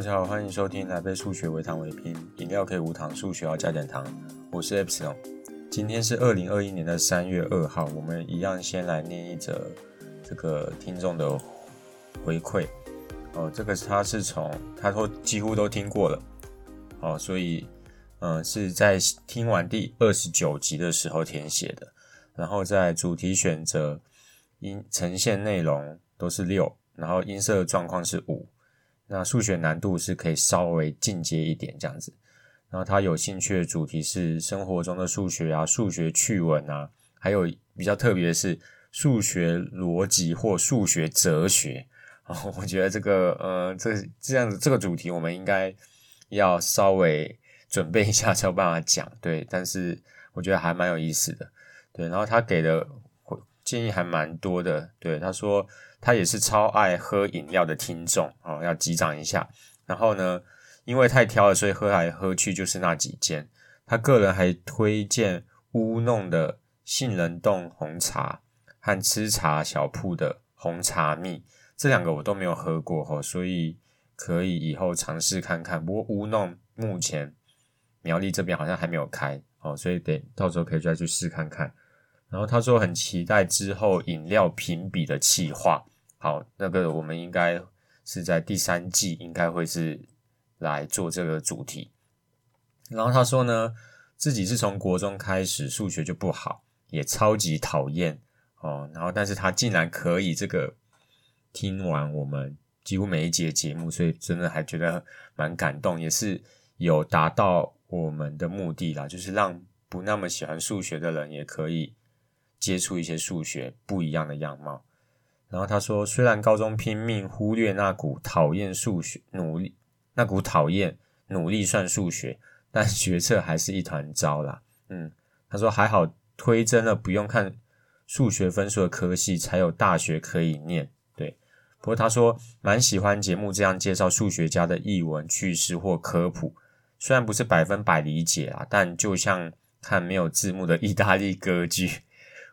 大家好，歡迎收聽《來杯數學，微糖微冰。飲料可以無糖，數學要加點糖》。我是 Epsilon，今天是二零二一年的三月二號。我們一樣先來念一則這個聽眾的回饋哦。這個他是從他說幾乎都聽過了哦，所以嗯是在聽完第二十九集的時候填寫的。然後在主題選擇音呈現內容都是六，然後音色狀況是五。那數學難度是可以稍微進階一點這樣子，然後他有興趣的主題是生活中的數學啊、數學趣聞啊，還有比較特別是數學邏輯或數學哲學。然後我覺得這個呃，這這樣子這個主題我們應該要稍微準備一下才有辦法講對。但是我覺得還蠻有意思的對，然後他給的建議還蠻多的對，他說。他也是超愛喝飲料的聽眾哦，要擊掌一下。然後呢，因為太挑了，所以喝來喝去就是那幾間，他個人還推薦烏弄的杏仁凍紅茶和吃茶小鋪的紅茶蜜，這兩個我都沒有喝過吼，哦，所以可以以後嘗試看看。不過烏弄目前苗栗這邊好像還沒有開哦，所以得到時候可以再去試看看。然後他說很期待之後飲料評比的企劃。好，那個我們應該是在第三季應該會是來做這個主題。然後他說呢，自己是從國中開始數學就不好，也超級討厭哦。然後但是他竟然可以這個聽完我們幾乎每一節節目，所以真的還覺得蠻感動，也是有達到我們的目的啦，就是讓不那麼喜歡數學的人也可以接觸一些數學不一樣的樣貌。然後他說，雖然高中拼命忽略那股討厭數學努力，那股討厭努力算數學，但學測還是一團糟啦。嗯，他說還好推甄了，不用看數學分數的科系才有大學可以念。對，不過他說蠻喜歡節目這樣介紹數學家的譯文、趣事或科普，雖然不是百分百理解啊，但就像看沒有字幕的意大利歌劇，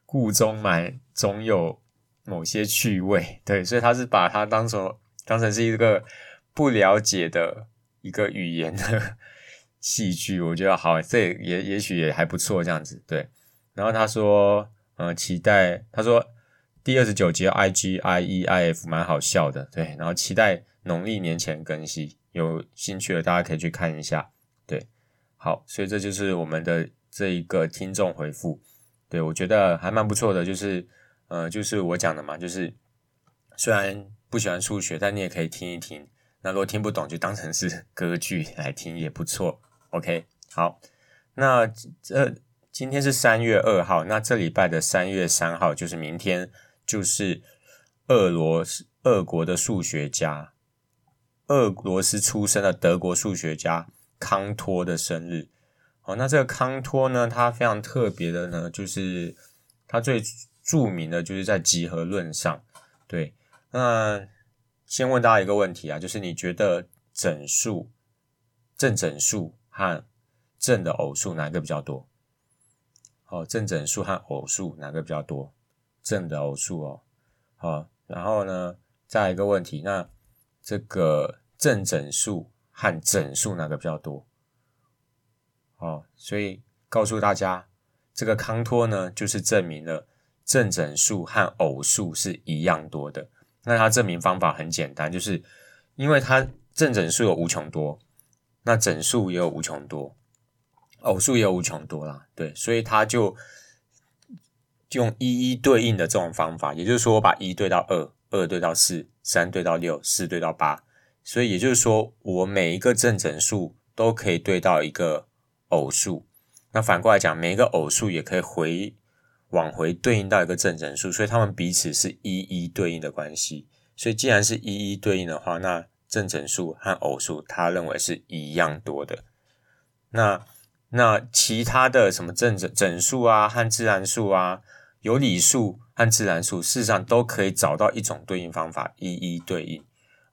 故中滿總有某些趣味，對，所以他是把它當成當成是一個不了解的一個語言的戲劇，我覺得好，這也也許也還不錯這樣子，對。然後他說，嗯、呃，期待他說第二十九集 I G I E I F 蠻好笑的，對。然後期待農曆年前更新，有興趣的大家可以去看一下，對。好，所以這就是我們的這一個聽眾回復，對，我覺得還蠻不錯的，就是。呃，就是我講的嘛，就是雖然不喜歡數學，但你也可以聽一聽。那如果聽不懂，就當成是歌劇來聽也不錯。OK，好，那這，呃，今天是三月二號，那這禮拜的三月三號就是明天，就是俄羅斯俄國的數學家，俄羅斯出生的德國數學家康托的生日。哦，那這個康托呢，他非常特別的呢，就是他最。著名的就是在集合論上，對。那先問大家一個問題啊，就是你覺得整數、正整數和正的偶數哪個比較多？哦，正整數和偶數哪個比較多？正的偶數哦。好，然後呢，再一個問題，那這個正整數和整數哪個比較多？好，所以告訴大家，這個康托呢，就是證明了。正整數和偶數是一樣多的，那它證明方法很簡單，就是因為它正整數有無窮多，那整數也有無窮多，偶數也有無窮多啦。對，所以它就用一一對應的這種方法，也就是說，我把一對到二，二對到四，三對到六，四對到八，所以也就是說，我每一個正整數都可以對到一個偶數。那反過來講，每一個偶數也可以回。往回對應到一個正整數，所以他們彼此是一一對應的關係。所以既然是一一對應的話，那正整數和偶數他認為是一樣多的。那，那其他的什麼正整整數啊和自然數啊，有理數和自然數，事實上都可以找到一種對應方法，一一對應。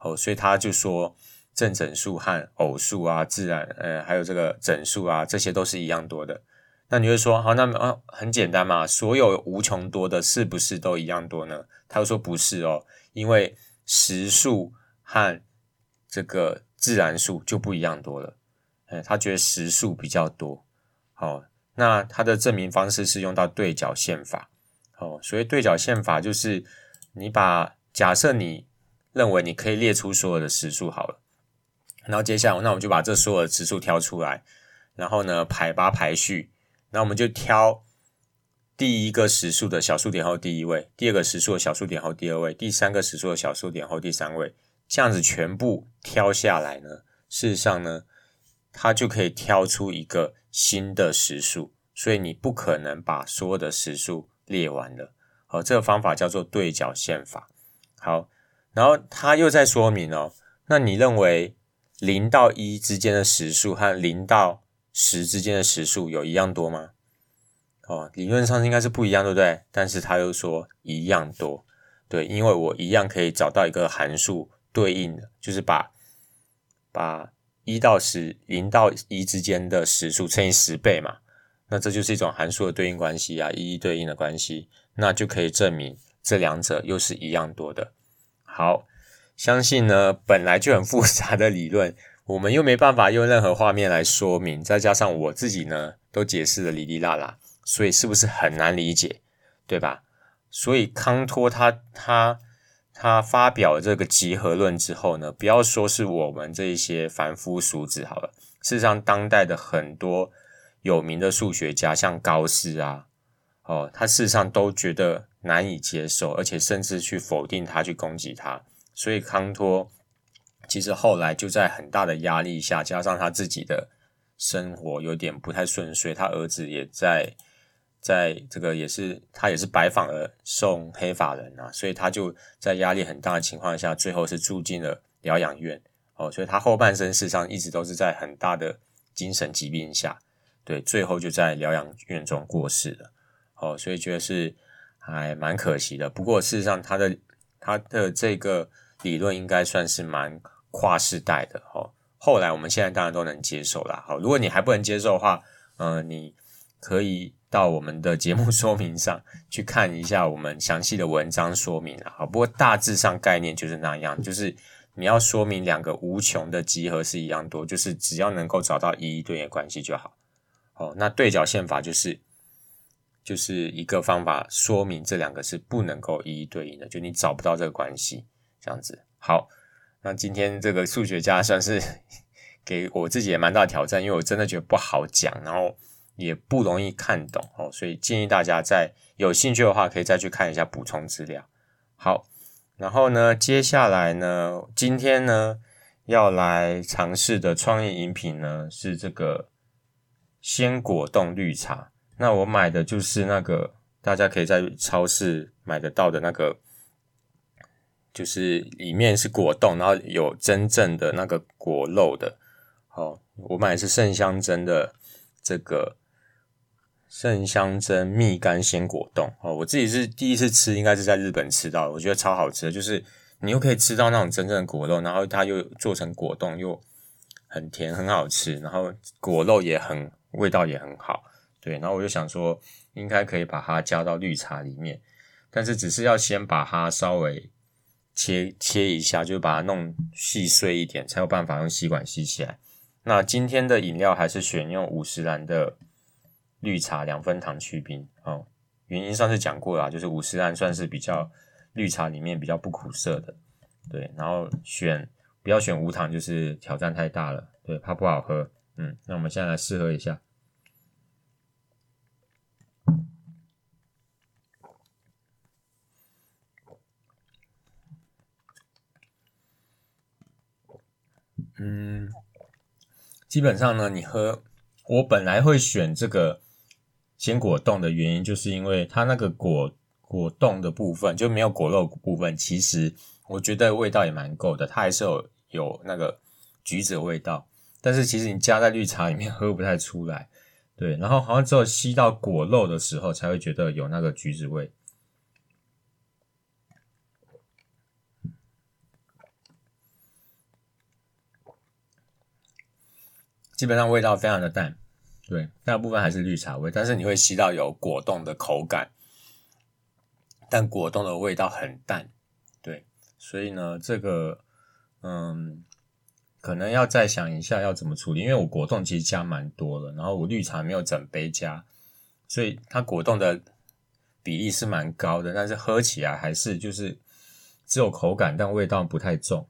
哦，所以他就說正整數和偶數啊，自然，呃，還有這個整數啊，這些都是一樣多的。那你就說好，那呃、啊、很簡單嘛，所有無窮多的是不是都一樣多呢？他又說不是哦，因為實數和這個自然數就不一樣多了。哎、他覺得實數比較多。好，那他的證明方式是用到對角線法。哦，所以對角線法就是你把假設你認為你可以列出所有的實數好了，然後接下來，那我們就把這所有的實數挑出來，然後呢排八排序。那我們就挑第一個實數的小數點後第一位，第二個實數的小數點後第二位，第三個實數的小數點後第三位，這樣子全部挑下來呢，事實上呢，它就可以挑出一個新的實數，所以你不可能把所有的實數列完了。好，這個方法叫做對角線法。好，然後他又在說明哦，那你認為零到一之間的實數和零到十之間的實數有一樣多嗎？哦，理論上應該是不一樣，對不對？但是他又說一樣多，對，因為我一樣可以找到一個函數對應的，就是把把一到十，零到一之間的實數乘以十倍嘛，那這就是一種函數的對應關係啊，一一對應的關係，那就可以證明這兩者又是一樣多的。好，相信呢，本來就很複雜的理論。我們又沒辦法用任何畫面來說明，再加上我自己呢都解釋得哩哩啦啦，所以是不是很難理解，對吧？所以康托他他他發表這個集合論之後呢，不要說是我們這一些凡夫俗子好了，事實上當代的很多有名的數學家，像高斯啊，哦，他事實上都覺得難以接受，而且甚至去否定他，去攻擊他，所以康托。其實後來就在很大的壓力下，加上他自己的生活有點不太順遂，他兒子也在在這個也是，他也是白髮人送黑髮人啊，所以他就在壓力很大的情況下，最後是住進了療養院哦，所以他後半生事實上一直都是在很大的精神疾病下，對，最後就在療養院中過世了哦，所以覺得是還蠻可惜的。不過事實上，他的他的這個理論應該算是蠻。跨世代的齁，後來我們現在當然都能接受了好，如果你還不能接受的話，嗯、呃，你可以到我們的節目說明上去看一下我們詳細的文章說明啊。齁。不過大致上概念就是那樣，就是你要說明兩個無窮的集合是一樣多，就是只要能夠找到一一對應的關係就好。哦，那對角線法就是就是一個方法說明這兩個是不能夠一一對應的，就你找不到這個關係，這樣子好。那今天這個數學家算是給我自己也蠻大的挑戰，因為我真的覺得不好講，然後也不容易看懂哦，所以建議大家在有興趣的話可以再去看一下補充資料。好，然後呢，接下來呢，今天呢要來嘗試的創意飲品呢是這個鮮果凍綠茶。那我買的就是那個大家可以在超市買得到的那個。就是裡面是果凍，然後有真正的那個果肉的。哦，我買的是盛香珍的這個盛香珍蜜柑鮮果凍。哦，我自己是第一次吃，應該是在日本吃到的，我覺得超好吃的。就是你又可以吃到那種真正的果肉，然後它又做成果凍，又很甜，很好吃。然後果肉也很，味道也很好。對，然後我就想說，應該可以把它加到綠茶裡面，但是只是要先把它稍微。切切一下，就把它弄細碎一點，才有辦法用吸管吸起來。那今天的飲料還是選用五十嵐的綠茶，兩分糖去冰哦。原因上次講過了，就是五十嵐算是比較綠茶裡面比較不苦澀的，對。然後選不要選無糖，就是挑戰太大了，對，怕不好喝。嗯，那我們現在來試喝一下。嗯，基本上呢，你喝，我本來會選這個鮮果凍的原因，就是因為它那個果果凍的部分就沒有果肉部分，其實我覺得味道也蠻夠的，它還是有有那個橘子味道，但是其實你加在綠茶裡面喝不太出來，對，然後好像只有吸到果肉的時候才會覺得有那個橘子味。基本上味道非常的淡，對，大部分還是綠茶味，但是你會吸到有果凍的口感，但果凍的味道很淡，對，所以呢，這個，嗯，可能要再想一下要怎麼處理，因為我果凍其實加蠻多了，然後我綠茶沒有整杯加，所以它果凍的比例是蠻高的，但是喝起來還是就是只有口感，但味道不太重。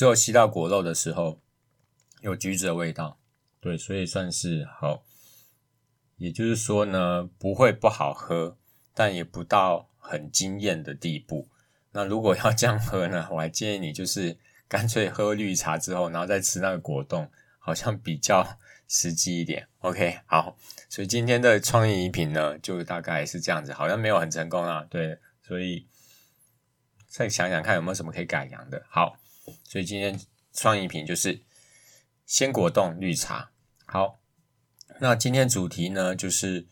最後吸到果肉的時候，有橘子的味道，對，所以算是好。也就是說呢，不會不好喝，但也不到很驚艷的地步。那如果要這樣喝呢，我還建議你就是乾脆喝綠茶之後，然後再吃那個果凍，好像比較實際一點。OK，好，所以今天的創意飲品呢，就大概是這樣子，好像沒有很成功啊。對，所以再想想看有沒有什麼可以改良的。好。所以今天創意品就是鮮果凍綠茶。好，那今天主題呢，就是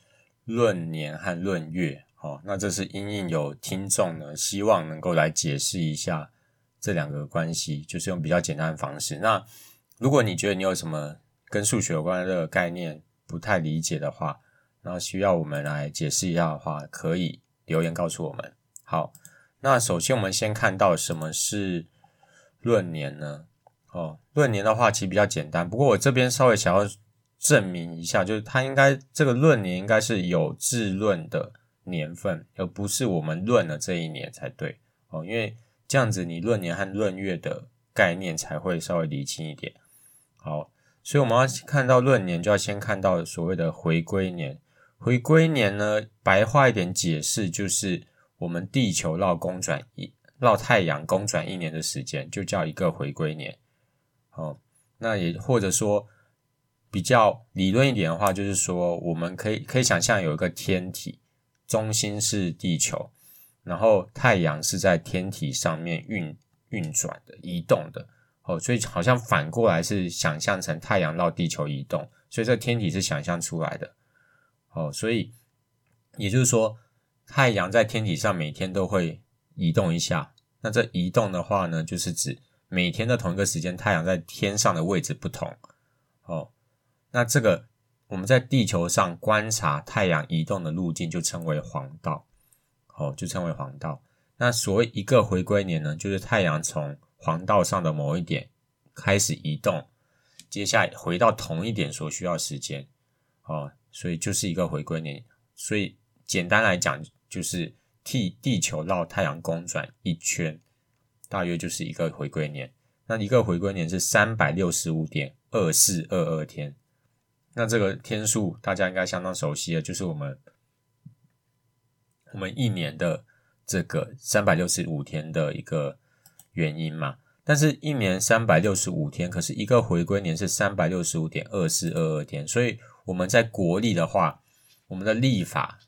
閏年和閏月。哦，那這是因應有聽眾呢希望能夠來解釋一下這兩個關係，就是用比較簡單的方式。那如果你覺得你有什麼跟數學有關的概念不太理解的話，那需要我們來解釋一下的話，可以留言告訴我們。好，那首先我們先看到什麼是閏年呢？哦，閏年的話其實比較簡單，不過我這邊稍微想要證明一下，就是它應該這個閏年應該是有置閏的年份，而不是我們閏的這一年才對哦。因為這樣子，你閏年和閏月的概念才會稍微理清一點。好，所以我們要看到閏年，就要先看到所謂的回歸年。回歸年呢，白話一點解釋，就是我們地球繞公轉一。繞太陽公轉一年的時間就叫一個回歸年，哦，那也或者說比較理論一點的話，就是說我們可以可以想象有一個天體，中心是地球，然後太陽是在天體上面運運轉的、移動的，哦，所以好像反過來是想象成太陽繞地球移動，所以這天體是想象出來的，哦，所以也就是說太陽在天體上每天都會。移動一下，那這移動的話呢，就是指每天的同一個時間太陽在天上的位置不同，哦，那這個我們在地球上觀察太陽移動的路徑就稱為黃道，哦，就稱為黃道。那所謂一個回歸年呢，就是太陽從黃道上的某一點開始移動，接下來回到同一點所需要時間，哦，所以就是一個回歸年。所以簡單來講就是。替地球繞太陽公轉一圈，大約就是一個回歸年。那一個回歸年是三百六十五點二四二二天。那這個天數大家應該相當熟悉了，就是我們我們一年的這個三百六十五天的一個原因嘛。但是一年三百六十五天，可是一個回歸年是三百六十五點二四二二天。所以我們在國曆的話，我們的曆法。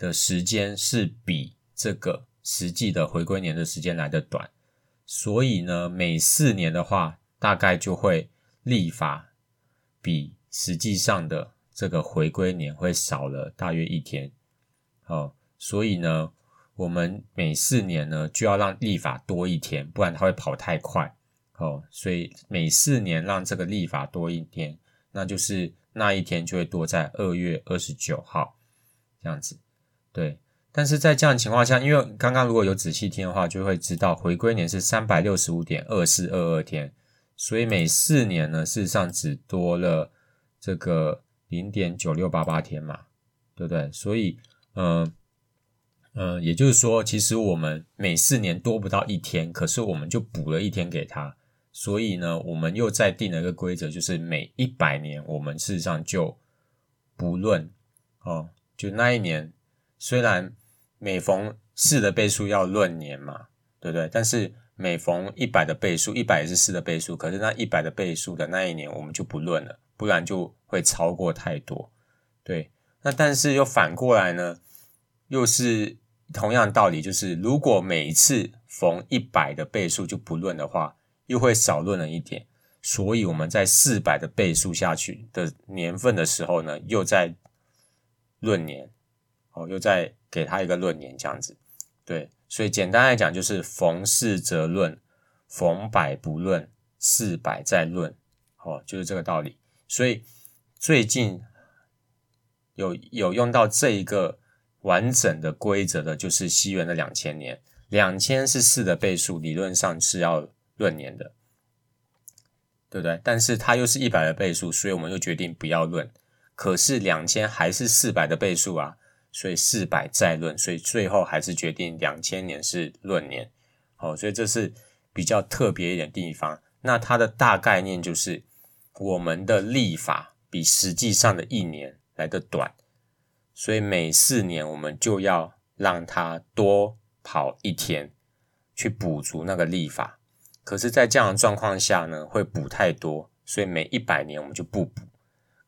的時間是比這個實際的回歸年的時間來得短，所以呢，每四年的話，大概就會曆法比實際上的這個回歸年會少了大約一天。哦，所以呢，我們每四年呢就要讓曆法多一天，不然它會跑太快。哦，所以每四年讓這個曆法多一天，那就是那一天就會多在二月二十九號這樣子。對，但是在這樣的情況下，因為剛剛如果有仔細聽的話，就會知道回歸年是三百六十五點二四二二天，所以每四年呢，事實上只多了這個零點九六八八天嘛，對不對？所以，嗯，呃，呃，也就是說，其實我們每四年多不到一天，可是我們就補了一天給他，所以呢，我們又再定了一個規則，就是每一百年，我們事實上就不論哦，就那一年。雖然每逢四的倍數要閏年嘛，對不對？但是每逢一百的倍數，一百也是四的倍數，可是那一百的倍數的那一年我們就不閏了，不然就會超過太多。對，那但是又反過來呢，又是同樣道理，就是如果每一次逢一百的倍數就不閏的話，又會少閏了一點。所以我們在四百的倍數下去的年份的時候呢，又在閏年。我、哦、又再給他一個閏年這樣子，對，所以簡單來講就是逢四則閏，逢百不閏，四百再閏，哦，就是這個道理。所以最近有有用到這一個完整的規則的，就是西元的兩千年，兩千是四的倍數，理論上是要閏年的，對不對？但是它又是一百的倍數，所以我們又決定不要閏。可是兩千還是四百的倍數啊。所以四百再閏，所以最後還是決定兩千年是閏年，好、哦，所以這是比較特別一點的地方。那它的大概念就是，我們的曆法比實際上的一年來得短，所以每四年我們就要讓它多跑一天，去補足那個曆法。可是，在這樣的狀況下呢，會補太多，所以每一百年我們就不補。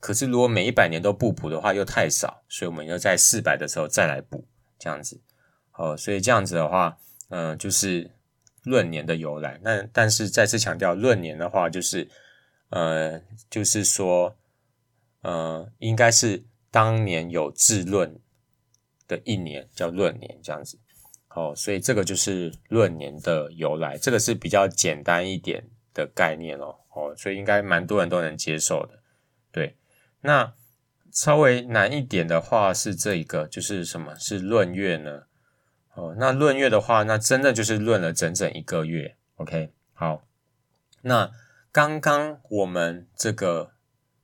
可是，如果每一百年都不補的話，又太少，所以我們要在四百的時候再來補，這樣子。哦，所以這樣子的話，嗯、呃，就是閏年的由來。那但是再次強調，閏年的話，就是，呃，就是說，呃，應該是當年有置閏的一年叫閏年，這樣子。哦，所以這個就是閏年的由來，這個是比較簡單一點的概念哦。哦，所以應該蠻多人都能接受的。那稍微難一點的話是這一個，就是什麼是閏月呢？哦，那閏月的話，那真的就是閏了整整一個月。OK，好。那剛剛我們這個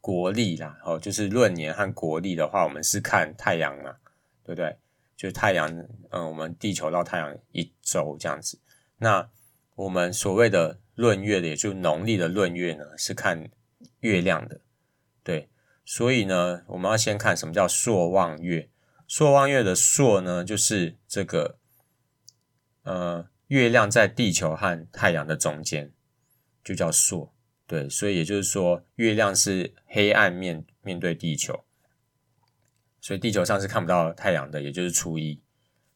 國曆啦，哦，就是閏年和國曆的話，我們是看太陽啊，對不對？就是太陽，嗯，我們地球繞太陽一周這樣子。那我們所謂的閏月的，也就農曆的閏月呢，是看月亮的，對。所以呢，我們要先看什麼叫朔望月。朔望月的朔呢，就是這個呃月亮在地球和太陽的中間，就叫朔。對，所以也就是說，月亮是黑暗面面對地球，所以地球上是看不到太陽的，也就是初一。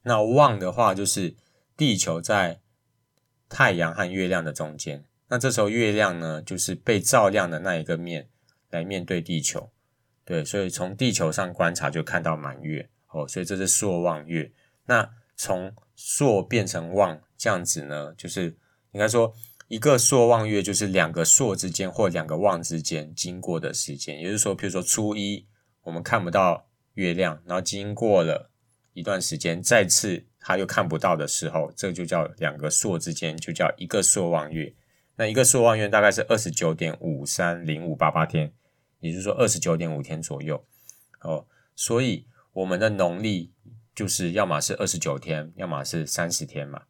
那望的話，就是地球在太陽和月亮的中間，那這時候月亮呢，就是被照亮的那一個面來面對地球。對，所以從地球上觀察就看到滿月哦，所以這是朔望月。那從朔變成望這樣子呢，就是應該說一個朔望月就是兩個朔之間或兩個望之間經過的時間。也就是說，譬如說初一我們看不到月亮，然後經過了一段時間，再次它又看不到的時候，這就叫兩個朔之間，就叫一個朔望月。那一個朔望月大概是二十九點五三零五八八天。也就是說，二十九點五天左右，哦，所以我們的農曆就是要麼是二十九天，要麼是三十天嘛，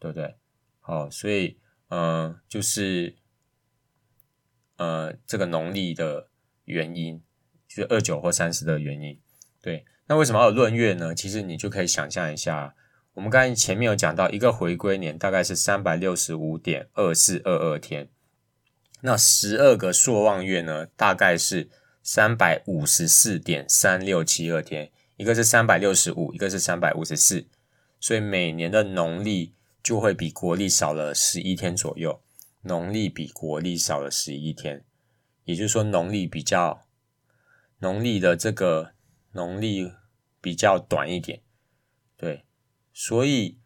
對不對？哦，所以，嗯、呃，就是，呃，這個農曆的原因，就是二九或三十的原因。對，那為什麼要有閏月呢？其實你就可以想象一下，我們剛才前面有講到，一個回歸年大概是三百六十五點二四二二天。那十二個朔望月呢，大概是三百五十四點三六七二天，一個是三百六十五，一個是三百五十四，所以每年的農曆就會比國曆少了十一天左右，農曆比國曆少了十一天，也就是說農曆比較，農曆的這個農曆比較短一點，對，所以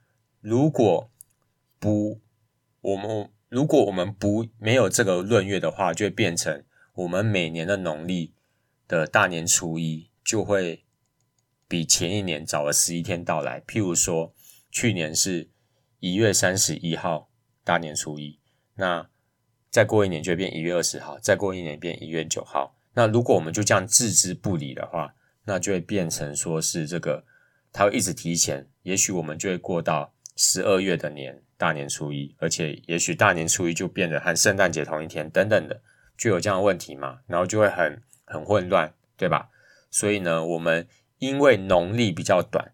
如果不我們。如果我們不、沒有這個閏月的話，就會變成我們每年的農曆的大年初一就會比前一年早了十一天到來。譬如說，去年是一月三十一號大年初一，那再過一年就變一月二十號，再過一年變一月九號。那如果我們就這樣置之不理的話，那就會變成說是這個，它會一直提前，也許我們就會過到十二月的年。大年初一，而且也許大年初一就變得和聖誕節同一天等等的，就有這樣的問題嘛，然後就會很很混亂，對吧？所以呢，我們因為農曆比較短，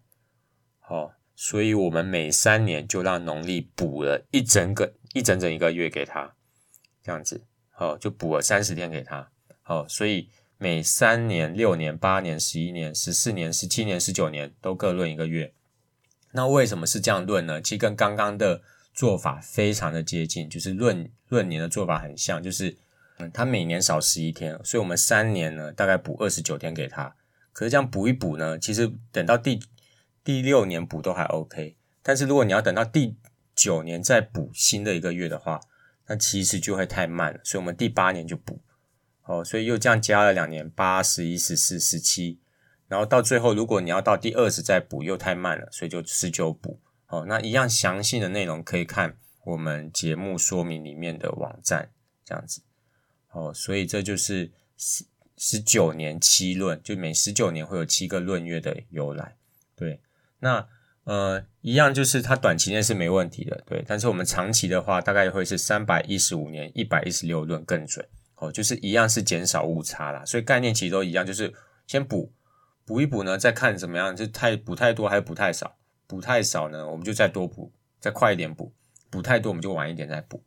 哦，所以我們每三年就讓農曆補了一整個一整整一個月給他，這樣子，哦，就補了三十天給他，哦，所以每三年、六年、八年、十一年、十四年、十七年、十九年都各閏一個月。那為什麼是這樣閏呢？其實跟剛剛的做法非常的接近，就是閏，閏年的做法很像，就是，嗯、他每年少十一天，所以我們三年呢大概補二十九天給他。可是這樣補一補呢，其實等到第第六年補都還 OK，但是如果你要等到第九年再補新的一個月的話，那其實就會太慢了。所以我們第八年就補，哦，所以又這樣加了兩年，八、十一、十四、十七。然後到最後，如果你要到第二次再補，又太慢了，所以就十九補。哦，那一樣詳細的內容可以看我們節目說明裡面的網站，這樣子。哦，所以這就是十十九年七閏，就每十九年會有七個閏月的由來。對，那呃一樣就是它短期內是沒問題的，對。但是我們長期的話，大概會是三百一十五年一百一十六閏更準。哦，就是一樣是減少誤差啦，所以概念其實都一樣，就是先補。補一補呢，再看怎麼樣，就太補太多還是補太少？補太少呢，我們就再多補，再快一點補；補太多，我們就晚一點再補。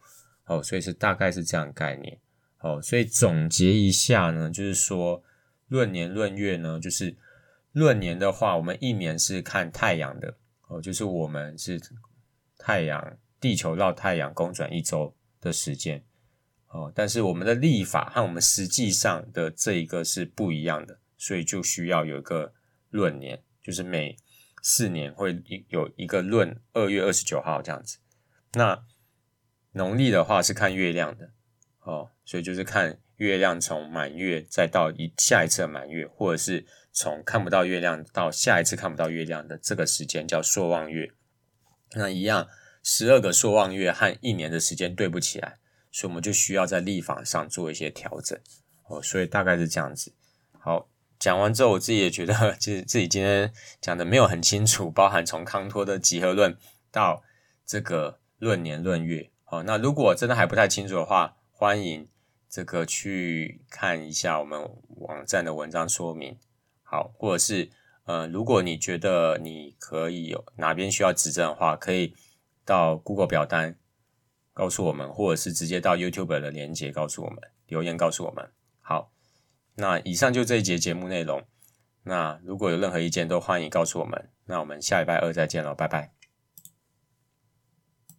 哦，所以是大概是這樣概念。哦，所以總結一下呢，就是說閏年閏月呢，就是閏年的話，我們一年是看太陽的，哦，就是我們是太陽地球繞太陽公轉一周的時間。哦，但是我們的曆法和我們實際上的這一個是不一樣的。所以就需要有一個閏年，就是每四年會有一個閏二月二十九號這樣子。那農曆的話是看月亮的哦，所以就是看月亮從滿月再到一下一次滿月，或者是從看不到月亮到下一次看不到月亮的這個時間叫朔望月。那一樣，十二個朔望月和一年的時間對不起來，所以我們就需要在曆法上做一些調整哦。所以大概是這樣子，好。講完之後，我自己也覺得，其實自己今天講得沒有很清楚，包含從康托的集合論到這個閏年閏月。好，那如果真的還不太清楚的話，歡迎這個去看一下我們網站的文章說明。好，或者是呃，如果你覺得你可以有哪邊需要指正的話，可以到 Google 表單告訴我們，或者是直接到 YouTube 的連結告訴我們，留言告訴我們。那以上就這一集節目內容，那如果有任何意見都歡迎告訴我們，那我們下禮拜二再見咯，拜拜。